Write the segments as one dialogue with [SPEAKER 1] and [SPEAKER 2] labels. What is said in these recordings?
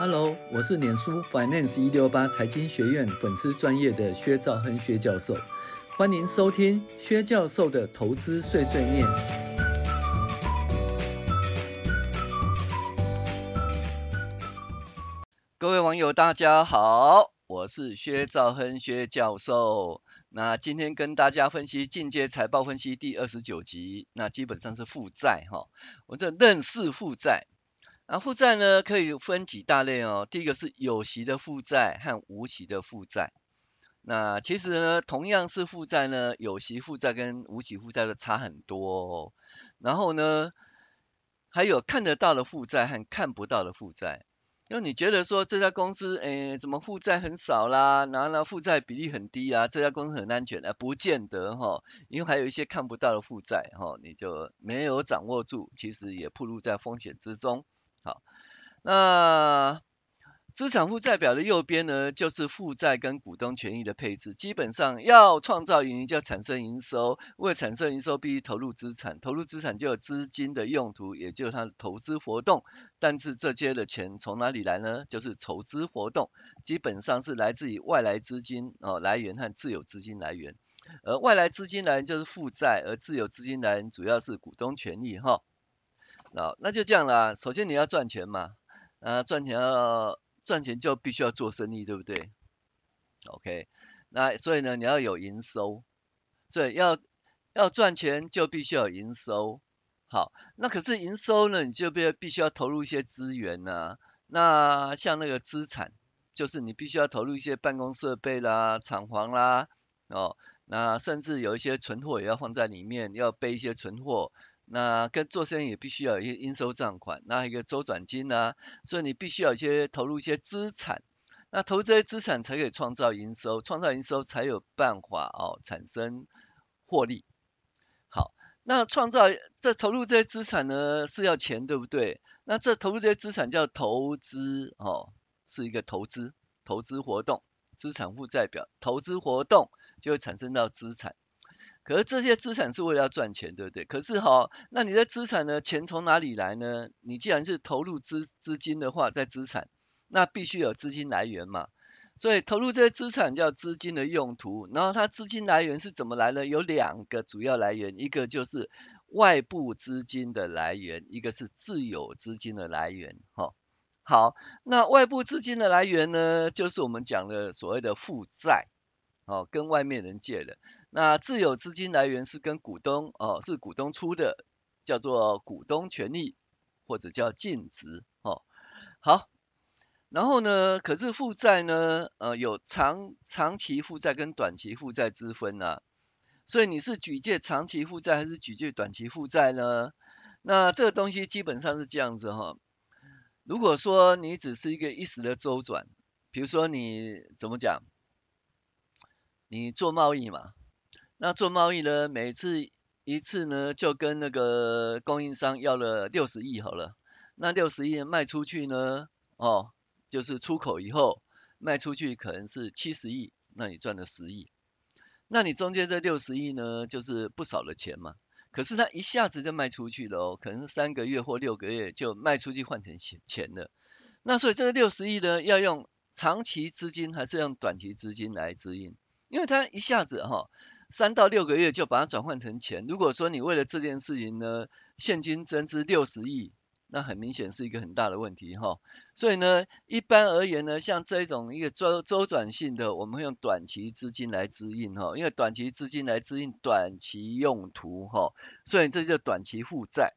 [SPEAKER 1] Hello，我是臉書 Finance 一六八財經學院粉絲專業的薛兆亨薛教授，歡迎收聽薛教授的投資碎碎念。各位網友大家好，我是薛兆亨薛教授。那今天跟大家分析進階財報分析，第二十九集，那基本上是負債哈，我這認識負債。那負債呢，可以分幾大類哦。第一個是有息的負債和無息的負債。那其實呢，同樣是負債呢，有息負債跟無息負債的差很多哦。然後呢，還有看得到的負債和看不到的負債。因為你覺得說這家公司，哎、欸，怎麼負債很少啦？然後呢，負債比例很低啊，這家公司很安全啊？不見得哦。因為還有一些看不到的負債哦，你就沒有掌握住，其實也暴露在風險之中。好，那資產負債表的右邊呢，就是負債跟股東權益的配置。基本上要創造盈餘，就要產生營收。為了產生營收，必須投入資產。投入資產就有資金的用途，也就是它的投資活動。但是這些的錢從哪裡來呢？就是籌資活動，基本上是來自於外來資金哦，來源和自有資金來源。而外來資金來源就是負債，而自有資金來源主要是股東權益，哈。好，那就這樣啦。首先你要賺錢嘛，啊，賺錢要賺錢就必須要做生意，對不對？OK，那所以呢，你要有營收，所以要要賺錢就必須要有營收。好，那可是營收呢，你就必必須要投入一些資源吶、啊。那像那個資產，就是你必須要投入一些辦公設備啦、廠房啦，哦，那甚至有一些存貨也要放在裡面，要備一些存貨。那跟做生意也必須要有一些應收賬款，那一個週轉金啊。所以你必須要一些投入一些資產，那投這些資產才可以創造營收，創造營收才有辦法哦產生獲利。好，那創造這投入這些資產呢是要錢對不對？那這投入這些資產叫投資哦，是一個投資投資活動，資產負債表投資活動就會產生到資產。可是這些資產是為了要賺錢，對不對？可是好，那你的資產呢？錢從哪裡來呢？你既然是投入資資金的話，在資產，那必須有資金來源嘛。所以投入這些資產叫資金的用途，然後它資金來源是怎麼來呢？有兩個主要來源，一個就是外部資金的來源，一個是自有資金的來源。哈，好，那外部資金的來源呢，就是我們講的所謂的負債。哦，跟外面人借的。那自有資金來源是跟股東哦，是股東出的，叫做股東權益或者叫淨值哦。好，然後呢，可是負債呢，呃，有長長期負債跟短期負債之分啊。所以你是舉借長期負債還是舉借短期負債呢？那這個東西基本上是這樣子哈、哦。如果說你只是一個一時的周轉，比如說你怎麼講？你做貿易嘛，那做貿易呢，每次一次呢，就跟那個供應商要了六十億好了。那六十億賣出去呢，哦，就是出口以後賣出去可能是七十億，那你賺了十億。那你中間這六十億呢，就是不少的錢嘛。可是它一下子就賣出去了哦，可能三個月或六個月就賣出去換成錢錢了。那所以這個六十億呢，要用長期資金還是用短期資金來支應？因為它一下子哈、哦，三到六個月就把它轉換成錢。如果說你為了這件事情呢，現金增資六十億，那很明顯是一個很大的問題哈、哦。所以呢，一般而言呢，像這種一個周周轉性的，我們會用短期資金來支應哈、哦，因為短期資金來支應短期用途哈、哦，所以這叫短期負債。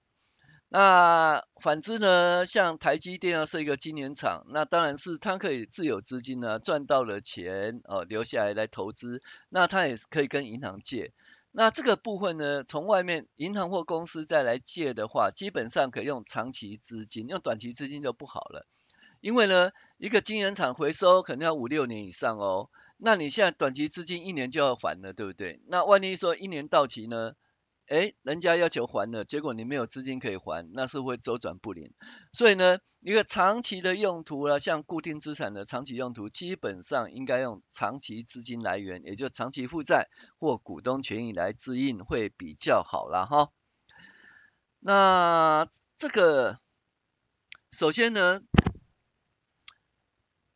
[SPEAKER 1] 那反之呢？像台積電啊，是一個晶圓廠，那當然是它可以自有資金呢，賺到了錢哦，留下來來投資。那它也是可以跟銀行借。那這個部分呢，從外面銀行或公司再來借的話，基本上可以用長期資金，用短期資金就不好了。因為呢，一個晶圓廠回收可能要五六年以上哦。那你現在短期資金一年就要還了，對不對？那萬一說一年到期呢？哎，人家要求還了，結果你沒有資金可以還，那是會周轉不靈。所以呢，一個長期的用途啊，像固定資產的長期用途，基本上應該用長期資金來源，也就長期負債或股東權益來支應會比較好啦，哈。那這個首先呢，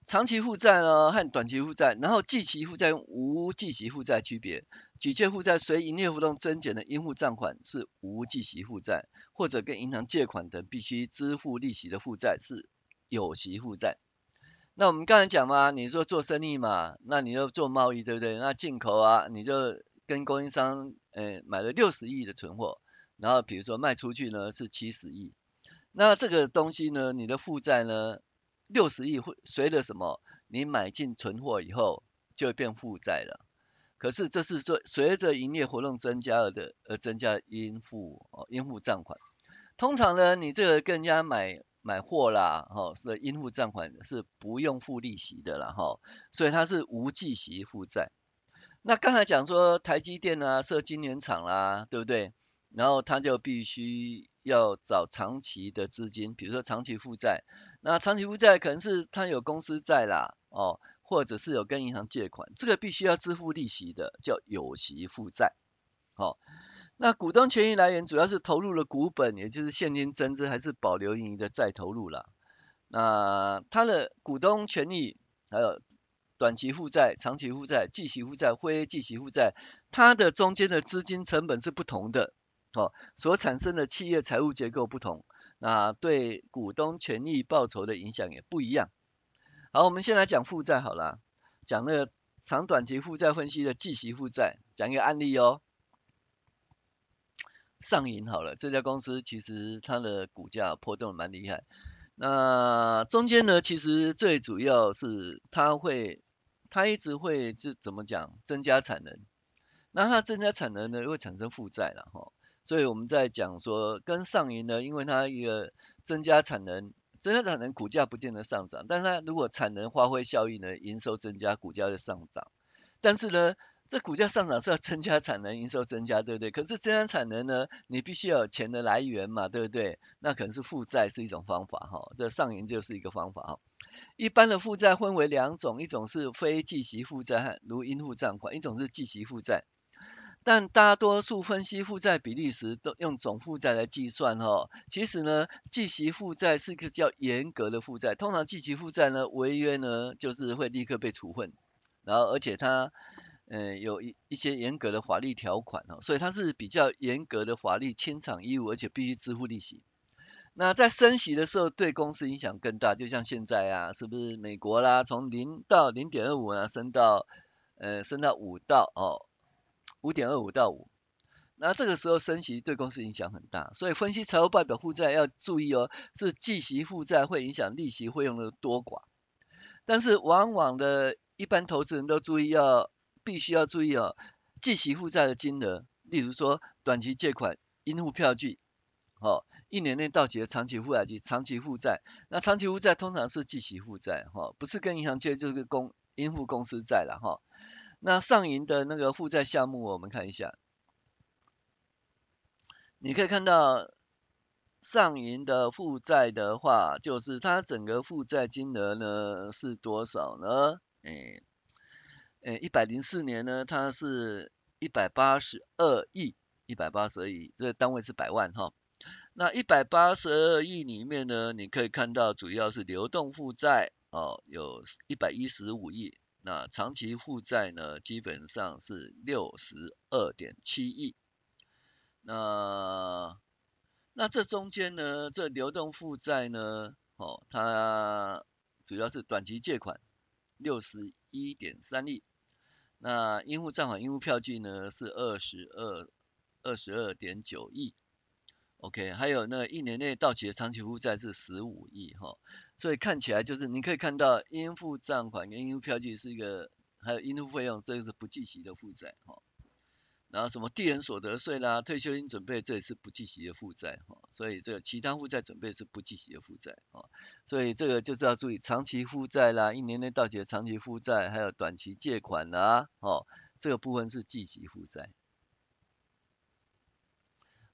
[SPEAKER 1] 長期負債呢和短期負債，然後計息負債用無計息負債區別。舉借負債隨營業活動增減的應付賬款是無計息負債，或者跟銀行借款等必須支付利息的負債是有息負債。那我們剛才講嘛，你說做生意嘛，那你要做貿易對不對？那進口啊，你就跟供應商呃、哎、買了六十億的存貨，然後比如說賣出去呢是七十億，那這個東西呢，你的負債呢六十億會隨着什麼？你買進存貨以後就變負債了。可是這是說隨着營業活動增加了的，而增加的應付哦應付賬款。通常呢，你這個跟人家買買貨啦，吼、哦，所以應付賬款是不用付利息的啦，吼、哦，所以它是無計息負債。那剛才講說台積電啊設晶圓廠啦、啊，對不對？然後他就必須要找長期的資金，比如說長期負債。那長期負債可能是他有公司債啦，哦。或者是有跟銀行借款，這個必須要支付利息的，叫有息負債。好，哦，那股東權益來源主要是投入了股本，也就是現金增資還是保留盈餘的再投入了。那它的股東權益還有短期負債、長期負債、計息負債、非計息負債，它的中間的資金成本是不同的，哦，所產生的企業財務結構不同，那對股東權益報酬的影響也不一樣。好，我們先來講負債好了，講那個長短期負債分析的計息負債，講一個案例哦。上銀好了，這家公司其實它的股價波動蠻厲害，那中間呢，其實最主要是它會，它一直會是怎麼講，增加產能，那它增加產能呢，會產生負債了吼，所以我們在講說跟上銀呢，因為它一個增加產能。增加產能，股價不見得上漲，但是它如果產能發揮效益呢，營收增加，股價就上漲。但是呢，這股價上漲是要增加產能，營收增加，對不對？可是增加產能呢，你必須要有錢的來源嘛，對不對？那可能是負債是一種方法哈，這上延就是一個方法哈。一般的負債分為兩種，一種是非計息負債哈，如應付賬款；一種是計息負債。但大多數分析負債比例時，都用總負債來計算哦，其實呢，計息負債是一個較嚴格的負債，通常計息負債呢，違約呢就是會立刻被處分，然後而且它，呃，有一一些嚴格的法律條款哦，所以它是比較嚴格的法律清償義務，而且必須支付利息。那在升息的時候，對公司影響更大，就像現在啊，是不是美國啦，從零到零點二五啊，升到，呃，升到五到哦。五點二五到五，那這個時候升息對公司影響很大，所以分析財務報表負債要注意哦，是計息負債會影響利息費用的多寡，但是往往的一般投資人，都注意要，必須要注意哦，計息負債的金額，例如說短期借款、應付票據，哦，一年內到期的長期負債及長期負債，那長期負債通常是計息負債，哈、哦，不是跟銀行借就是公應付公司債了，哈、哦。那上銀的那個負債項目，我們看一下。你可以看到上銀的負債的話，就是它整個負債金額呢是多少呢？哎，哎，一百零四年呢，它是一百八十二億，一百八十二億，這個單位是百萬哈。那一百八十二億裡面呢，你可以看到主要是流動負債哦，有一百一十五億。那長期負債呢，基本上是六十二點七億。那那這中間呢，這流動負債呢，哦，它主要是短期借款六十一點三億。那應付賬款、應付票據呢是二十二二十二點九億。OK，還有那一年內到期的長期負債是十五億哈，所以看起來就是你可以看到應付賬款跟應付票據是一個，還有應付費用，這個是不計息的負債哈。然後什麼遞延所得稅啦、退休金準備，這也是不計息的負債哈。所以這個其他負債準備是不計息的負債啊。所以這個就是要注意長期負債啦、一年內到期的長期負債，還有短期借款啦，哦，這個部分是計息負債。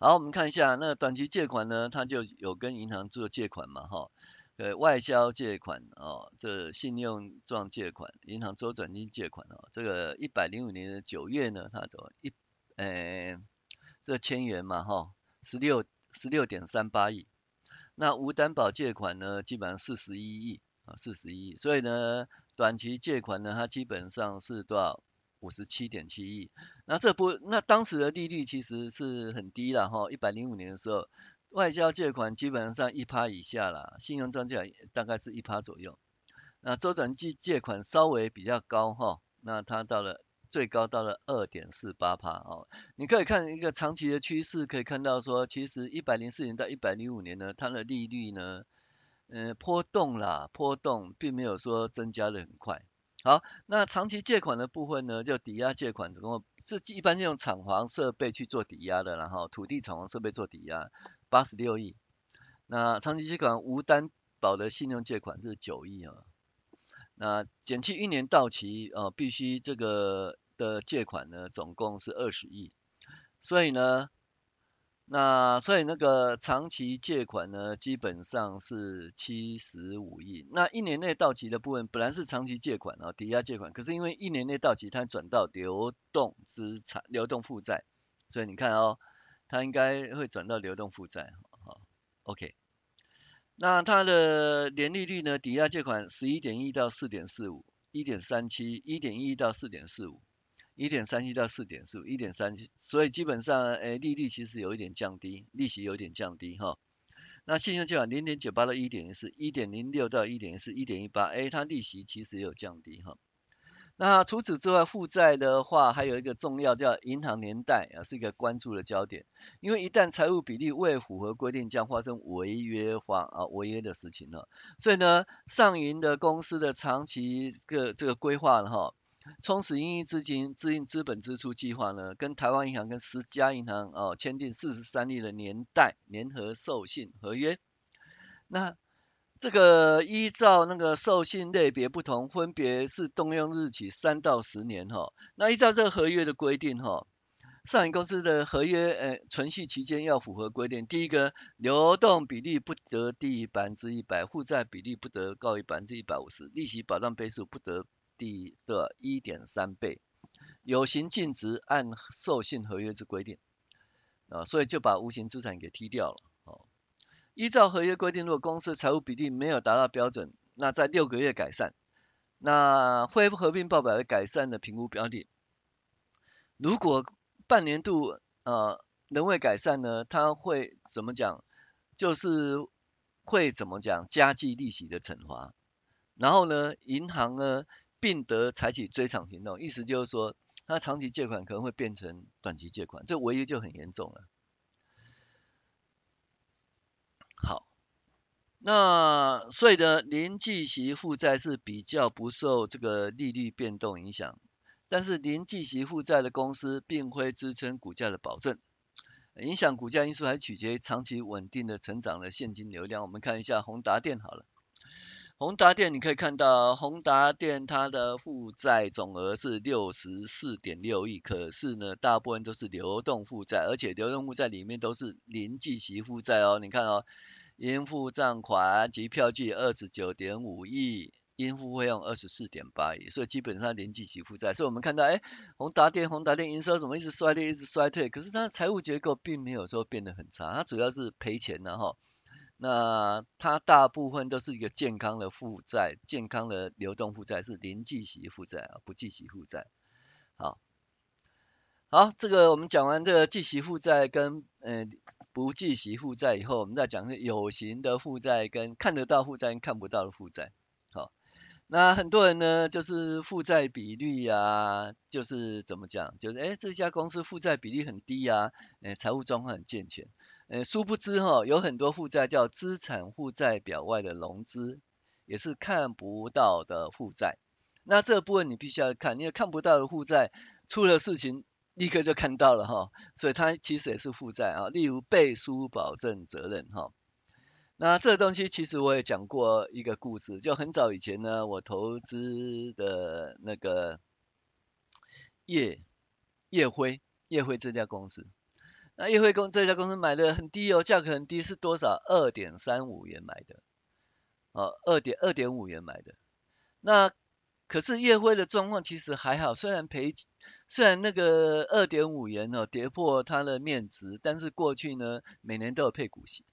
[SPEAKER 1] 好，我們看一下，那短期借款呢，它就有跟銀行做借款嘛，哈，呃，外銷借款哦，這信用狀借款、銀行週轉金借款哦，這個一百零五年的九月呢，它就一，呃、哎，這千元嘛，哈、哦，十六十六點三八億，那無擔保借款呢，基本上四十一億啊，四十一億，所以呢，短期借款呢，它基本上是多少？五十七點七億，那這波那當時的利率其實是很低了哈，一百零五年的時候，外銷借款基本上一趴以下了，信用狀借款大概是一趴左右，那週轉金借款稍微比較高哈、哦，那它到了最高到了二點四八趴哦，你可以看一個長期的趨勢，可以看到說其實一百零四年到一百零五年呢，它的利率呢，呃，波動啦，波動並沒有說增加的很快。好，那長期借款的部分呢，就抵押借款，總共是一般用廠房設備去做抵押的，然後土地、廠房、設備做抵押，八十六億。那長期借款無擔保的信用借款是九億啊。那減去一年到期哦、呃，必須這個的借款呢，總共是二十億。所以呢。那所以那個長期借款呢，基本上是七十五億。那一年內到期的部分本來是長期借款，哦，啊抵押借款，可是因為一年內到期，它轉到流動資產，流動負債，所以你看哦，它應該會轉到流動負債。好，OK。那它的年利率呢？抵押借款十一點一到四點四五，一點三七，一點一到四點四五。一點三七到四點四，一點三七，所以基本上，誒、哎，利率其實有一點降低，利息有一點降低哈。那信用借款零點九八到一點一四，一點零六到一點一四，一點一八，誒，它利息其實也有降低哈。那除此之外，負債的話還有一個重要叫銀行聯貸啊，是一個關注的焦點，因為一旦財務比例未符合規定，將發生違約化啊違約的事情呢。所以呢，上銀的公司的長期、這個這個規劃呢哈。充實營運資金、支應資本支出計劃呢？跟台灣銀行跟十家銀行哦簽訂四十三億的聯貸聯合授信合約。那這個依照那個授信類別不同，分別是動用日期三到十年哈、哦。那依照這個合約的規定哈、哦，上銀公司的合約誒、呃、存續期間要符合規定。第一個流動比例不得低於百分之一百，負債比例不得高於百分之一百五十，利息保障倍數不得。的一點三倍，有形淨值按授信合約之規定啊，所以就把無形資產給踢掉了。哦，依照合約規定，如果公司財務比例沒有達到標準，那在六個月改善，那恢復合併報表的改善的評估標的，如果半年度啊仍未改善呢，它會怎麼講？就是會怎麼講？加計利息的懲罰，然後呢，銀行呢？並得採取追償行動，意思就是說，他長期借款可能會變成短期借款，這違約就很嚴重了。好，那所以呢，零計息負債是比較不受這個利率變動影響，但是零計息負債的公司並非支撐股價的保證，影響股價因素還取決於長期穩定的成長的現金流量。我們看一下宏達電好了。宏達電你可以看到宏達電它的負債總額是六十四點六億，可是呢，大部分都是流動負債，而且流動負債裡面都是零計息負債哦。你看哦，應付賬款及票據二十九點五億，應付費用二十四點八億，所以基本上零計息負債。所以我們看到，哎、欸，宏達電、宏達電營收怎麼一直衰退，一直衰退？可是它的財務結構並沒有說變得很差，它主要是賠錢了、啊、哈。那它大部分都是一個健康的負債，健康的流動負債是零計息負債啊，不計息負債。好，好，這個我們講完這個計息負債跟嗯，不計息負債以後，我們再講有形的負債跟看得到負債跟看不到的負債。好，那很多人呢，就是負債比率啊，就是怎麼講，就是哎這家公司負債比例很低啊，哎財務狀況很健全。呃、嗯，殊不知哈、哦，有很多負債叫資產負債表外的融資，也是看不到的負債。那這個部分你必須要看，因為看不到的負債出了事情立刻就看到了哈、哦，所以它其實也是負債啊。例如背書保證責任哈、哦，那這個東西其實我也講過一個故事，就很早以前呢，我投資的那個葉葉輝葉輝這家公司。那業輝公這家公司買的很低哦，價格很低，是多少？二點三五元買的，哦，二點二點五元買的。那可是業輝的狀況其實還好，雖然賠，雖然那個二點五元哦，跌破它的面值，但是過去呢每年都有配股息。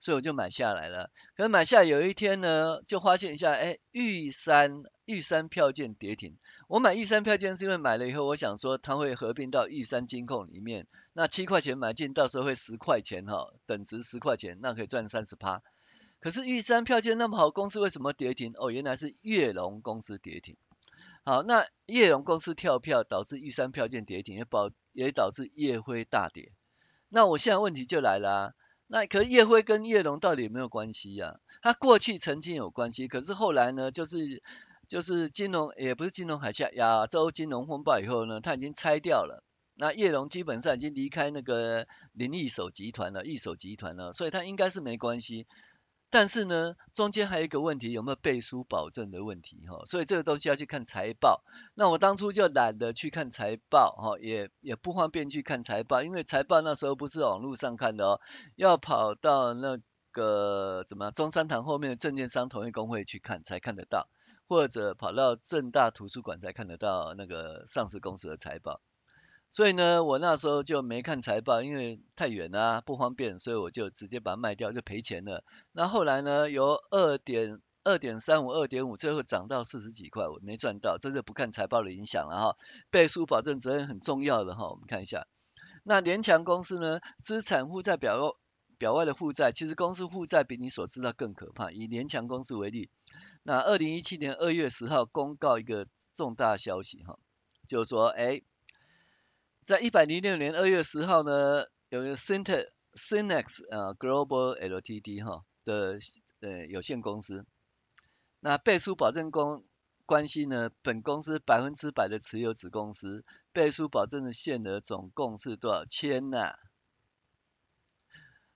[SPEAKER 1] 所以我就買下來了，可是買下有一天呢，就發現一下，哎，玉山玉山票券跌停。我買玉山票券是因為買了以後，我想說它會合併到玉山金控裡面，那七塊錢買進，到時候會十塊錢哈、哦，等值十塊錢，那可以賺三十趴。可是玉山票券那麼好，公司為什麼跌停？哦，原來是葉隆公司跌停。好，那葉隆公司跳票導致玉山票券跌停，也導也導致業會大跌。那我現在問題就來了。那可是葉輝跟葉龍到底有沒有關係呀、啊？他過去曾經有關係，可是後來呢，就是就是金融也、欸、不是金融海嘯亞洲金融風暴以後呢，他已經拆掉了。那葉龍基本上已經離開那個林義守集團了，義守集團了，所以他應該是沒關係。但是呢，中間還有一個問題，有沒有背書保證的問題哈？所以這個東西要去看財報。那我當初就懶得去看財報哈，也也不方便去看財報，因為財報那時候不是網絡上看的哦，要跑到那個怎麼中山堂後面的證券商同業公會去看才看得到，或者跑到政大圖書館才看得到那個上市公司的財報。所以呢，我那時候就沒看財報，因為太遠了、啊、不方便，所以我就直接把它賣掉，就賠錢了。那後來呢，由二點二點三五、二點五，最後漲到四十幾塊，我沒賺到，這是不看財報的影響了哈。背書保證責任很重要的哈，我們看一下。那聯強公司呢，資產負債表表外的負債，其實公司負債比你所知道更可怕。以聯強公司為例，那二零一七年二月十號公告一個重大消息哈，就是說，哎。在一百零六年二月十號呢，有個 Synnex 啊 Global Ltd 哈的，呃有限公司，那背書保證公關係呢，本公司百分之百的持有子公司背書保證的限額總共是多少錢吶、啊？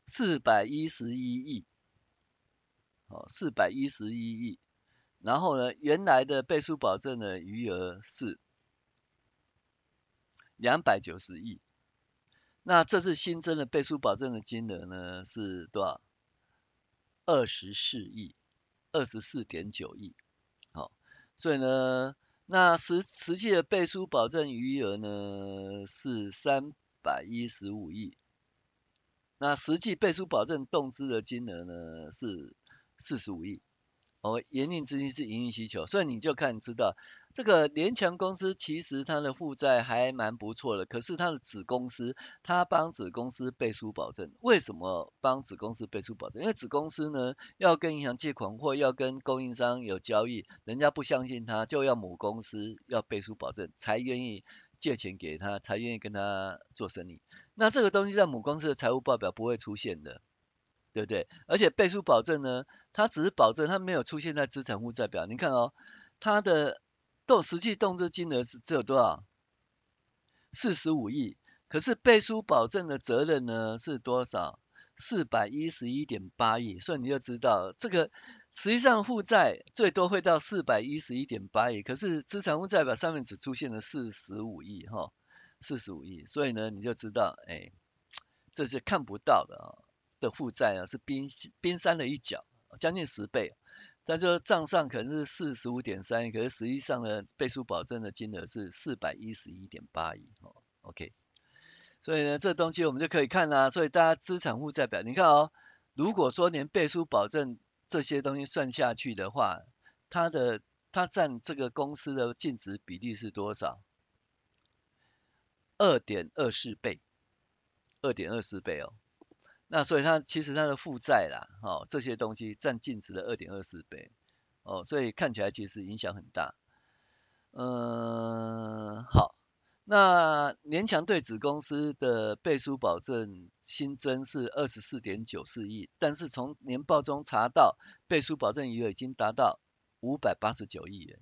[SPEAKER 1] 四百一十一億，哦，四百一十一億，然後呢，原來的背書保證的餘額是，兩百九十億，那這次新增的背書保證的金額呢，是多少？二十四億，二十四點九億。好、哦，所以呢，那實實際的背書保證餘額呢是三百一十五億，那實際背書保證動支的金額呢是四十五億。哦，營運資金是營運需求，所以你就看你知道，這個聯強公司其實它的負債還蠻不錯的，可是它的子公司，它幫子公司背書保證，為什麼幫子公司背書保證？因為子公司呢要跟銀行借款或要跟供應商有交易，人家不相信他，就要母公司要背書保證，才願意借錢給他，才願意跟他做生意。那這個東西在母公司的財務報表不會出現的。對不對？而且背書保證呢，它只是保證它沒有出現在資產負債表。你看哦，它的動實際動資金額是只有多少？四十五億。可是背書保證的責任呢，是多少？四百一十一點八億。所以你就知道，這個實際上負債最多會到四百一十一點八億，可是資產負債表上面只出現了四十五億，哈、哦，四十五億。所以呢，你就知道，哎，這是看不到的啊、哦。的負債啊，是冰冰山的一角，將近十倍。但是賬上可能是四十五點三億，可是實際上呢，背書保證的金額是四百一十一點八億。哦，OK。所以呢，這東西我們就可以看啦。所以大家資產負債表，你看哦，如果說連背書保證這些東西算下去的話，它的它佔這個公司的淨值比例是多少？二點二四倍，二點二四倍哦。那所以它其實它的負債啦，哦這些東西占淨值的二點二四倍，哦所以看起來其實影響很大，嗯、呃、好，那聯強對子公司的背書保證新增是二十四點九四億，但是從年報中查到背書保證餘額已經達到五百八十九億元，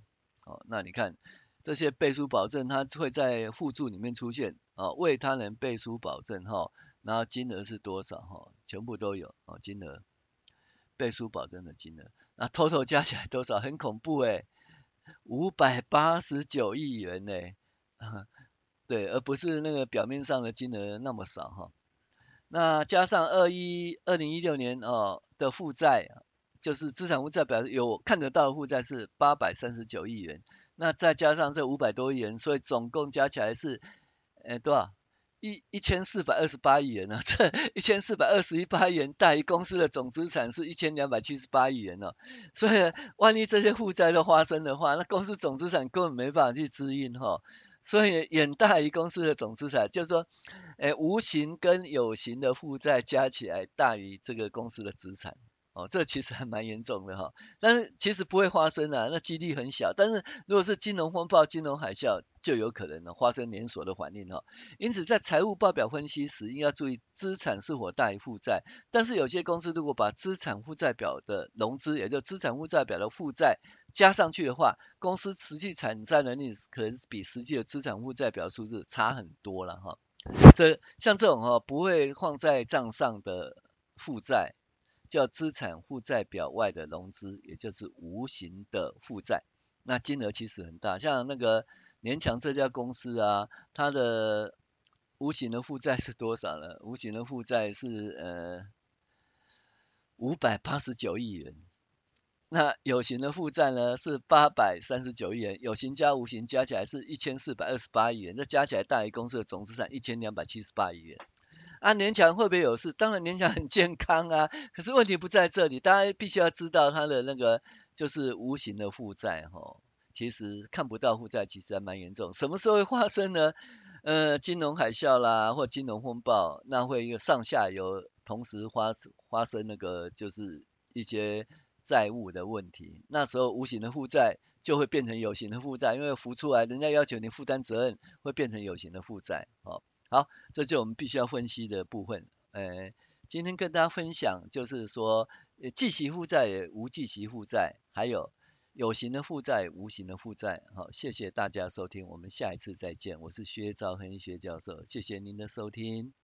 [SPEAKER 1] 哦那你看這些背書保證它會在附註裡面出現，哦，為他人背書保證哈。哦然後金額是多少？哈，全部都有哦，金額背書保證的金額，那 total 加起來多少？很恐怖哎、欸，五百八十九億元呢、欸，對，而不是那個表面上的金額那麼少哈。那加上二一二零一六年哦的負債，就是資產負債表有看得到負債是八百三十九億元，那再加上這五百多億元，所以總共加起來是呃多少？欸對啊一一千四百二十八億元呢、啊，這一千四百二十八億元大於公司的總資產是一千兩百七十八億元呢、啊，所以萬一這些負債都發生的話，那公司總資產根本沒辦法去支應哈，所以遠大於公司的總資產，就是說、哎，誒無形跟有形的負債加起來大於這個公司的資產。哦，這其實還蠻嚴重的哈、哦，但是其實不會發生啊，那幾率很小。但是如果是金融風暴、金融海嘯，就有可能的、哦，發生連鎖的反應哈、哦。因此，在財務報表分析時，應該要注意資產是否大於負債。但是有些公司如果把資產負債表的融資，也就是資產負債表的負債加上去的話，公司實際償債能力可能比實際的資產負債表數字差很多了哈、哦。這像這種哈、哦，不會放在賬上的負債，叫資產負債表外的融資，也就是無形的負債，那金額其實很大。像那個聯強這家公司啊，它的無形的負債是多少呢？無形的負債是呃五百八十九億元，那有形的負債呢是八百三十九億元，有形加無形加起來是一千四百二十八億元，這加起來大於公司的總資產一千兩百七十八億元。啊，年強會不會有事？當然年強很健康啊，可是問題不在這裡，大家必須要知道他的那個就是無形的負債吼，其實看不到負債，其實還蠻嚴重。什麼時候會發生呢？呃，金融海嘯啦，或金融風暴，那會有上下游同時發發生那個就是一些債務的問題，那時候無形的負債就會變成有形的負債，因為浮出來，人家要求你負擔責任，會變成有形的負債齁。好，這就我們必須要分析的部分。誒，今天跟大家分享，就是說，計息負債、無計息負債，還有有形的負債、無形的負債。好，謝謝大家收聽，我們下一次再見。我是薛兆亨，薛教授，謝謝您的收聽。